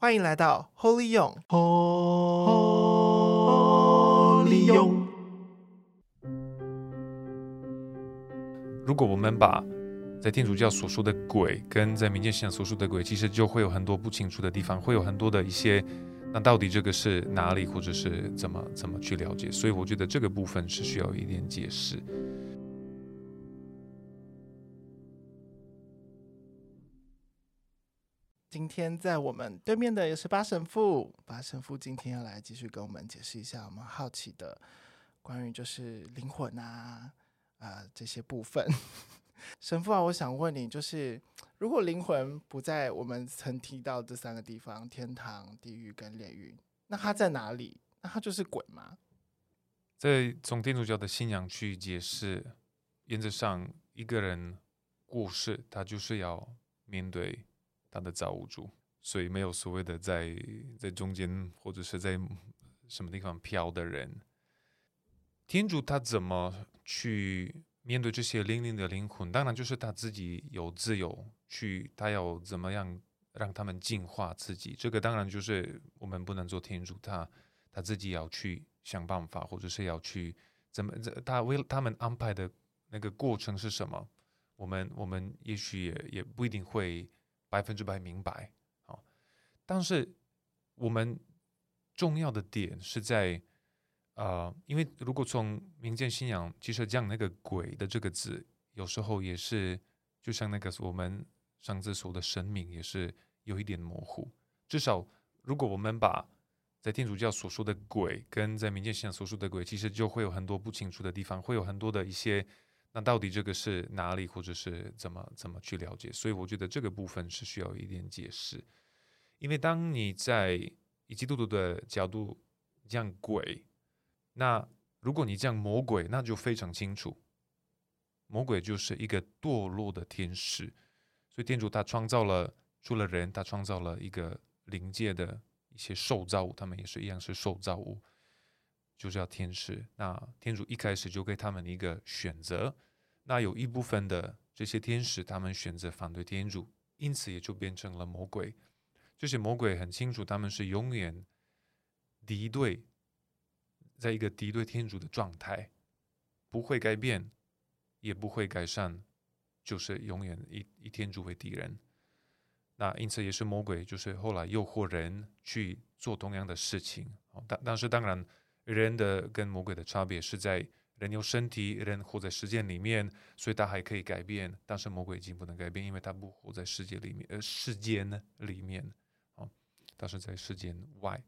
歡迎來到 Holy 勇，Holy 勇。如果我們把在天主教所說的鬼跟在民間信仰所說的鬼，其實就會有很多不清楚的地方，會有很多的一些，那到底這個是哪裡，或者是怎麼怎麼去了解？所以我覺得這個部分是需要一點解釋。今天在我們對面的也是巴神父，巴神父今天要來繼續跟我們解釋一下我們好奇的關於就是靈魂啊啊、呃、這些部分。 神父啊，我想問你，就是如果靈魂不在我們曾提到這三個地方——天堂、地獄跟煉獄，那它在哪裡？那它就是鬼嗎？在從天主教的信仰去解釋，原則上一個人過世，他就是要面對。他的造物主，所以沒有所謂的在在中間或者是在什麼地方飄的人。天主他怎麼去面對這些靈靈的靈魂？當然就是他自己有自由去，他要怎麼樣讓他們淨化自己。這個當然就是我們不能做天主，他他自己要去想辦法，或者是要去怎麼他為他們安排的那個過程是什麼？我們我們也許也也不一定會。百分之百明白，哦，但是我們重要的點是在，呃，因為如果從民間信仰，其實講那個“鬼”的這個字，有時候也是就像那個我們上次說的神明，也是有一點模糊。至少如果我們把在天主教所說的“鬼”跟在民間信仰所說的“鬼”，其實就會有很多不清楚的地方，會有很多的一些。那到底這個是哪裡，或者是怎麼怎麼去了解？所以我覺得這個部分是需要一點解釋，因為當你在以基督徒的角度，講鬼。那如果你講魔鬼，那就非常清楚，魔鬼就是一個墮落的天使。所以天主他創造了除了人，他創造了一個靈界的一些受造物，他們也是一樣是受造物，就叫天使。那天主一開始就給他們一個選擇。那有一部分的這些天使，他們選擇反對天主，因此也就變成了魔鬼。這些魔鬼很清楚，他們是永遠敵對，在一個敵對天主的狀態，不會改變，也不會改善，就是永遠以以天主為敵人。那因此也是魔鬼，就是後來誘惑人去做同樣的事情。但但是當然，人的跟魔鬼的差別是在，人有身體，人活在世界裡面，所以他還可以改變。但是魔鬼已經不能改變，因為他不活在世界裡面，而、呃、世界裡面，哦，但是在世界外。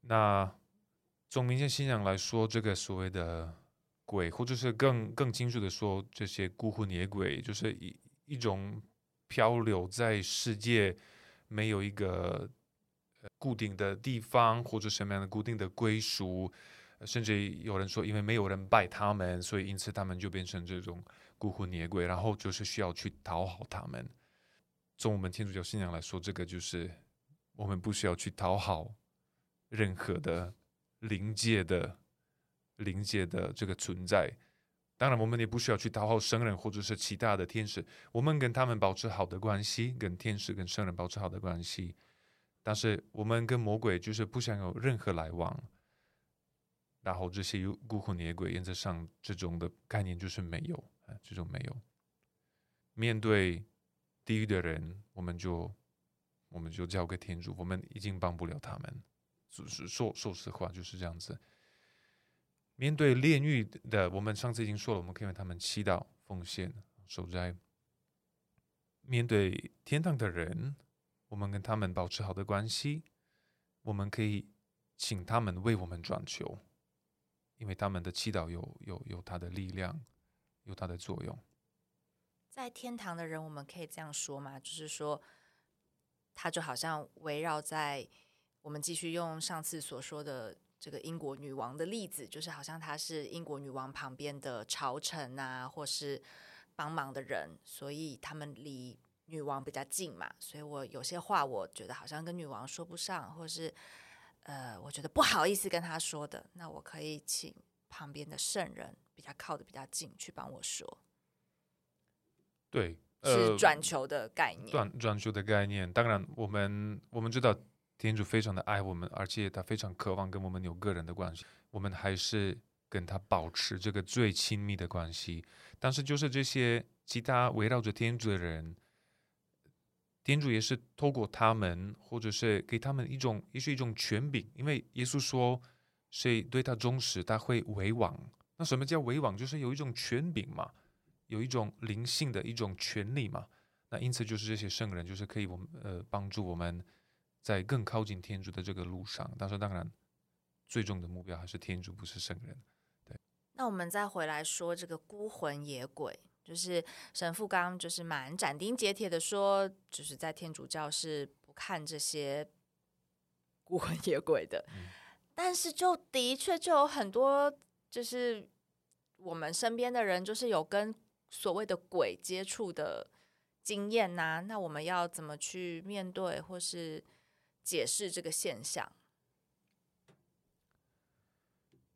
那從民間信仰來說，這個所謂的鬼，或者是更更清楚的說，這些孤魂野鬼，就是一一種漂流在世界，沒有一個固定的地方，或者什麼樣的固定的歸屬。甚至有人說，因為沒有人拜他們，所以因此他們就變成這種孤魂野鬼，然後就是需要去討好他們。從我們天主教信仰來說，這個就是我們不需要去討好任何的靈界的靈界的這個存在。當然，我們也不需要去討好聖人或者是其他的天使。我們跟他們保持好的關係，跟天使、跟聖人保持好的關係。但是，我們跟魔鬼就是不想有任何來往。然後這些孤魂野鬼，原則上這種的概念就是沒有啊，這種沒有。面對地獄的人，我們就我們就交給天主，我們已經幫不了他們，說說說實話就是這樣子。面對煉獄的，我們上次已經說了，我們可以為他們祈禱、奉獻、守齋。面對天堂的人，我們跟他們保持好的關係，我們可以請他們為我們轉求。因為他們的祈禱有有有他的力量，有他的作用。在天堂的人，我們可以這樣說嘛？就是說，他就好像圍繞在我們繼續用上次所說的這個英國女王的例子，就是好像他是英國女王旁邊的朝臣啊，或是幫忙的人，所以他們離女王比較近嘛。所以我有些話，我覺得好像跟女王說不上，或是。呃，我覺得不好意思跟他說的，那我可以請旁邊的聖人，比較靠得比較近，去幫我說。對，呃、是轉求的概念。轉轉求的概念，當然，我們我們知道天主非常的愛我們，而且他非常渴望跟我們有個人的關係，我們還是跟他保持這個最親密的關係。但是，就是這些其他圍繞着天主的人。天主也是透過他們，或者是給他們一種，也是一種權柄。因為耶穌說，誰對他忠實，他會為王。那什麼叫為王？就是有一種權柄嘛，有一種靈性的一種權利嘛。那因此就是這些聖人，就是可以我們呃幫助我們在更靠近天主的這個路上。但是當然，最終的目標還是天主，不是聖人。對。那我們再回來說這個孤魂野鬼。就是神父剛就是蠻斬釘截鐵的說，就是在天主教是不看這些孤魂野鬼的、嗯，但是就的確就有很多就是我們身邊的人就是有跟所謂的鬼接觸的經驗吶、啊，那我們要怎麼去面對或是解釋這個現象？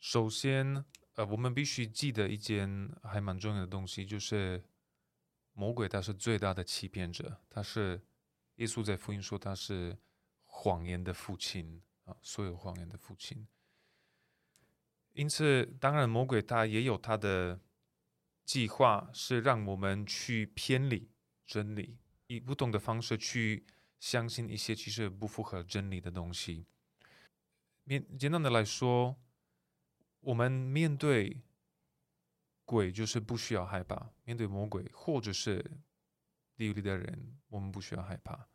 首先。呃，我們必須記得一件還蠻重要的東西，就是魔鬼他是最大的欺騙者，他是耶穌在福音說他是謊言的父親啊，所有謊言的父親。因此，當然魔鬼他也有他的計劃，是讓我們去偏離真理，以不同的方式去相信一些其實不符合真理的東西。面，簡單的來說。我們面對鬼就是不需要害怕，面對魔鬼或者是地獄裡的人，我們不需要害怕。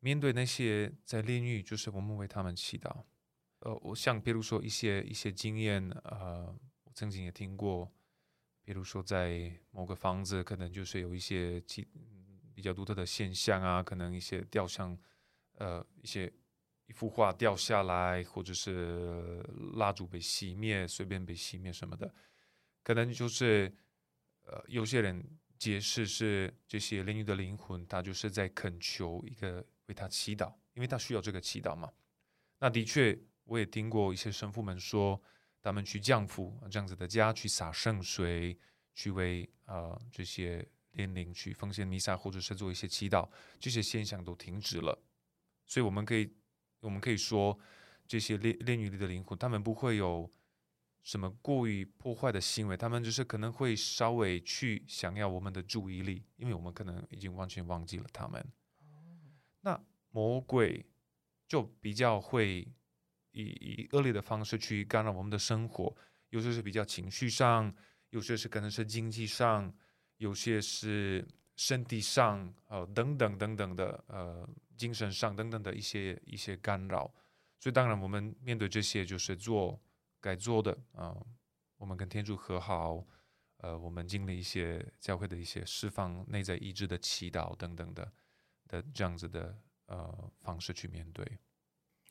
面對那些在煉獄，就是我們為他們祈禱。呃，我像比如說一些一些經驗，呃，我曾經也聽過，比如說在某個房子，可能就是有一些其比較獨特的現象啊，可能一些雕像，呃，一些。一幅畫掉下來，或者是蠟燭被熄滅，隨便被熄滅什麼的，可能就是呃，有些人解釋是這些煉獄的靈魂，他就是在懇求一個為他祈禱，因為他需要這個祈禱嘛。那的確，我也聽過一些神父們說，他們去降福這樣子的家，去灑聖水，去為啊、呃、這些煉靈去奉獻彌撒，或者是做一些祈禱，這些現象都停止了。所以我們可以。我們可以說，這些煉獄裡的靈魂，他們不會有什麼故意破壞的行為，他們只是可能會稍微去想要我們的注意力，因為我們可能已經完全忘記了他們。那魔鬼就比較會以以惡劣的方式去干擾我們的生活，有些是比較情緒上，有些是可能是經濟上，有些是身體上，哦、呃，等等等等的，呃。精神上等等的一些一些干擾，所以當然我們面對這些就是做該做的啊，呃，我們跟天主和好，呃，我們經歷一些教會的一些釋放內在意志的祈禱等等的的這樣子的呃方式去面對。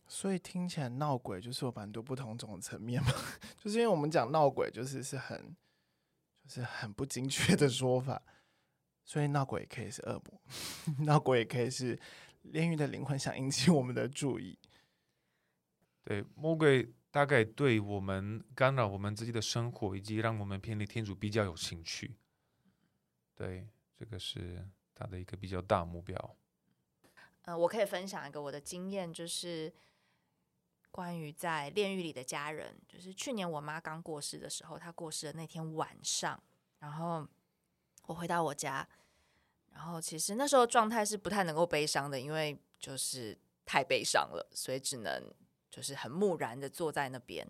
所以聽起來鬧鬼就是有蠻多不同種層面嘛，就是因為我們講鬧鬼就是是很就是很不精確的說法，所以鬧鬼也可以是惡魔，鬧鬼也可以是。煉獄的靈魂想引起我們的注意。對，魔鬼大概對我們干擾我們自己的生活，以及讓我們偏離天主比較有興趣。對，這個是他的一個比較大目標。呃，我可以分享一個我的經驗，就是關於在煉獄裡的家人，就是去年我媽剛過世的時候，她過世的那天晚上，然後我回到我家。然後其實那時候狀態是不太能夠悲傷的，因為就是太悲傷了，所以只能就是很木然的坐在那邊。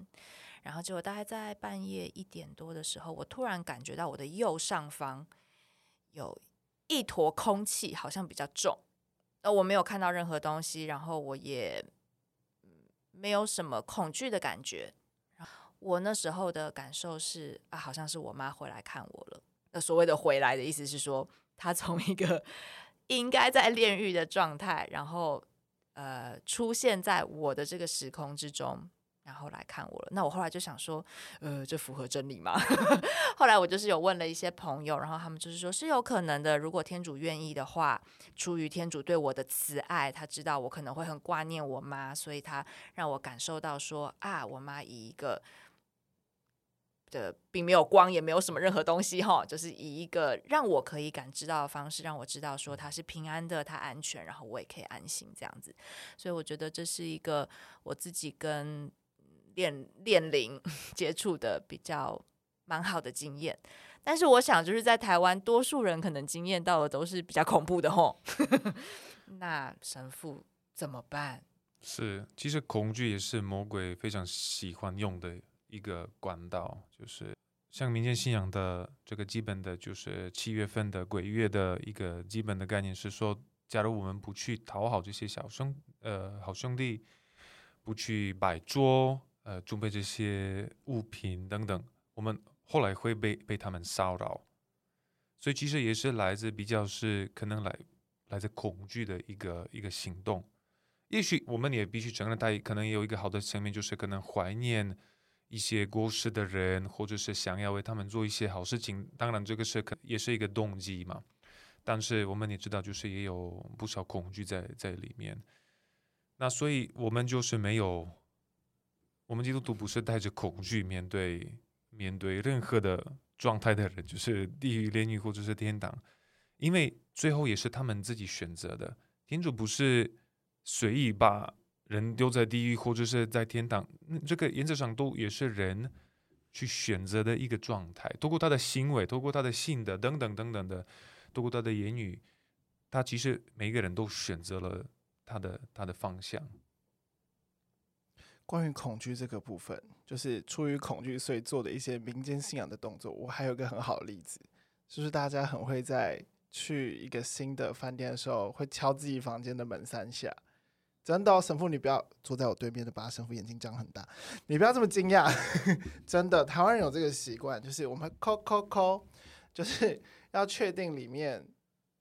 然後結果大概在半夜一點多的時候，我突然感覺到我的右上方有一坨空氣，好像比較重。那我沒有看到任何東西，然後我也沒有什麼恐懼的感覺。我那時候的感受是啊，好像是我媽回來看我了。那所謂的“回來”的意思是說。他從一個應該在煉獄的狀態，然後呃出現在我的這個時空之中，然後來看我了。那我後來就想說，呃，這符合真理嗎？ 後來我就是有問了一些朋友，然後他們就是說是有可能的。如果天主願意的話，出於天主對我的慈愛，他知道我可能會很掛念我媽，所以他讓我感受到說啊，我媽以一個。的並沒有光，也沒有什麼任何東西哈，就是以一個讓我可以感知到的方式，讓我知道說他是平安的，他安全，然後我也可以安心這樣子。所以我覺得這是一個我自己跟煉煉靈接觸的比較蠻好的經驗。但是我想就是在台灣，多數人可能經驗到的都是比較恐怖的哈。吼 那神父怎麼辦？是，其實恐懼也是魔鬼非常喜歡用的。一個管道，就是像民間信仰的這個基本的，就是七月份的鬼月的一個基本的概念是說，假如我們不去討好這些小兄呃好兄弟，不去擺桌呃準備這些物品等等，我們後來會被被他們騷擾。所以其實也是來自比較是可能來來自恐懼的一個一個行動。也許我們也必須承認，它可能也有一個好的層面，就是可能懷念一些過世的人，或者是想要為他們做一些好事情，當然這個是可能也是一個動機嘛。但是我們也知道，就是也有不少恐懼在在裡面。那所以我們就是沒有，我們基督徒不是帶着恐懼面對面對任何的狀態的人，就是地獄、煉獄或者是天堂，因為最後也是他們自己選擇的。天主不是隨意把。人丟在地獄，或者是在天堂，嗯，這個原則上都也是人去選擇的一個狀態。通過他的行為，通過他的性格等等等等的，通過他的言語，他其實每一個人都選擇了他的他的方向。關於恐懼這個部分，就是出於恐懼，所以做的一些民間信仰的動作。我還有一個很好的例子，就是大家很會在去一個新的飯店的時候，會敲自己房間的門三下。真的、哦，神父，你不要坐在我對面的吧。神父眼睛睜很大，你不要這麼驚訝。真的，台灣人有這個習慣，就是我們叩叩叩就是要確定裡面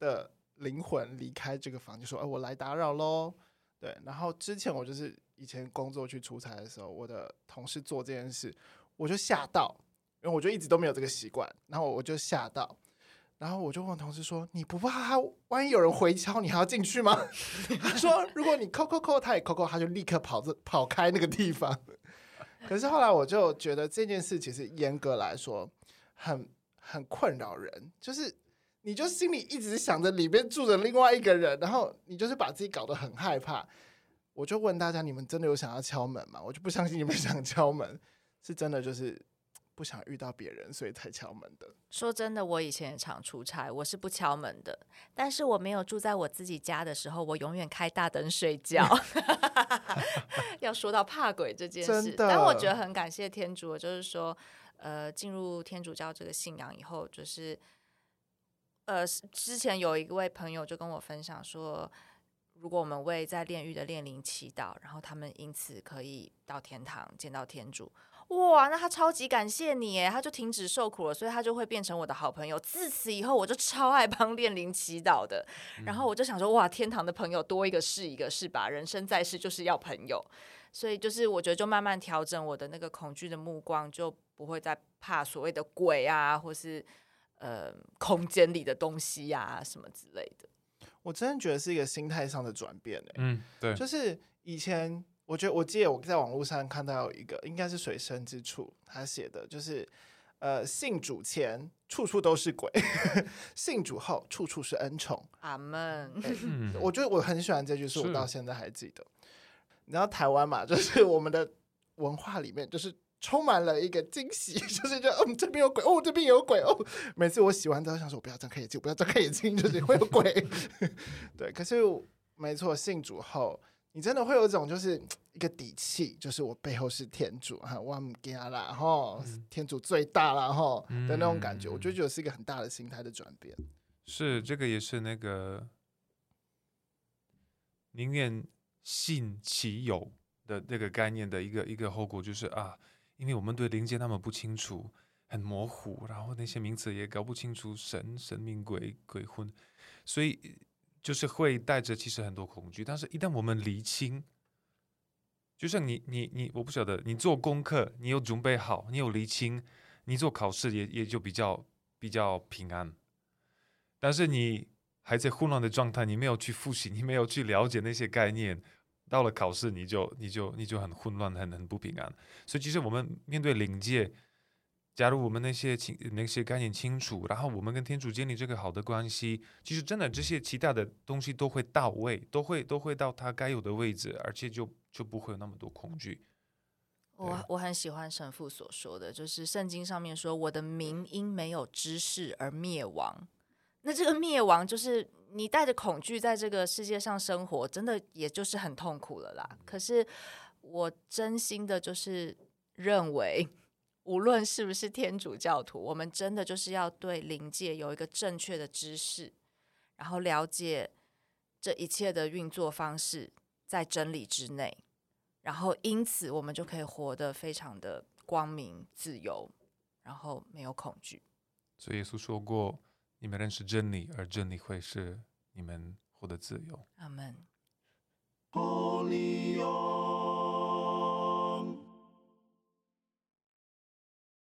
的靈魂離開這個房間，說：“哎、呃，我來打擾嘍。”對。然後之前我就是以前工作去出差的時候，我的同事做這件事，我就嚇到，因為我就一直都沒有這個習慣，然後我就嚇到。然後我就問同事說：“你不怕他？萬一有人回敲，你還要進去嗎？” 他說：“如果你扣扣扣，他也扣扣，他就立刻跑跑開那個地方。 ”可是後來我就覺得這件事其實嚴格來說很很困擾人，就是你就心裡一直想着裡面住着另外一個人，然後你就是把自己搞得很害怕。我就問大家：“你們真的有想要敲門嗎？”我就不相信你們想敲門是真的，就是。不想遇到別人，所以才敲門的。說真的，我以前也常出差，我是不敲門的。但是我沒有住在我自己家的時候，我永遠開大燈睡覺。 要說到怕鬼這件事。真的，但我覺得很感謝天主，就是說，呃，進入天主教這個信仰以後，就是，呃，之前有一位朋友就跟我分享說，如果我們為在煉獄的煉靈祈禱，然後他們因此可以到天堂見到天主。哇，那他超級感謝你哎，他就停止受苦了，所以他就會變成我的好朋友。自此以後，我就超愛幫練靈祈禱的、嗯。然後我就想說，哇，天堂的朋友多一個是一個，是吧？人生在世就是要朋友，所以就是我覺得就慢慢調整我的那個恐懼的目光，就不會再怕所謂的鬼啊，或是呃空間裡的東西呀、啊、什麼之類的。我真的覺得是一個心態上的轉變。嗯，對，就是以前。我覺得我記得我在網絡上看到有一個，應該是水深之處，他寫的，就是，呃，信主前處處都是鬼，信主後處處是恩寵。阿門、嗯。我覺得我很喜歡這句，是我到現在還記得。然後台灣嘛，就是我們的文化裡面，就是充滿了一個驚喜，就是覺得嗯這邊有鬼哦，這邊有鬼，哦，邊有鬼哦。每次我洗完澡都想說，我不要睜開眼睛，我不要睜開眼睛，就是會有鬼。 對，可是沒錯，信主後。你真的會有一種就是一個底氣，就是我背後是天主哈，啊、我不怕啦吼、天主最大了哈的那種感覺、嗯，我就覺得是一個很大的心態的轉變。是，這個也是那個寧願信其有的那個概念的一個一個後果，就是啊，因為我們對靈界那麼不清楚，很模糊，然後那些名詞也搞不清楚，神、神明、鬼、鬼魂，所以。就是會帶着其實很多恐懼，但是一旦我們釐清，就是你你你，我不曉得你做功課，你有準備好，你有釐清，你做考試也也就比較比較平安。但是你還在混亂的狀態，你沒有去復習，你沒有去了解那些概念，到了考試你就你就你就很混亂，很很不平安。所以其實我們面對靈界。假如我們那些情，那些概念清楚，然後我們跟天主建立這個好的關係，其實真的這些其他的東西都會到位，都會都會到他該有的位置，而且就就不會有那麼多恐懼。我我很喜歡神父所說的，就是聖經上面說：“我的民因沒有知識而滅亡。”那這個滅亡就是你帶着恐懼在這個世界上生活，真的也就是很痛苦了啦。可是我真心的就是認為。無論是不是天主教徒，我們真的就是要對靈界有一個正確的知識，然後了解這一切的運作方式在真理之內，然後因此我們就可以活得非常的光明自由，然後沒有恐懼。所以耶穌說過：“你們認識真理，而真理會是你們獲得自由。”阿門。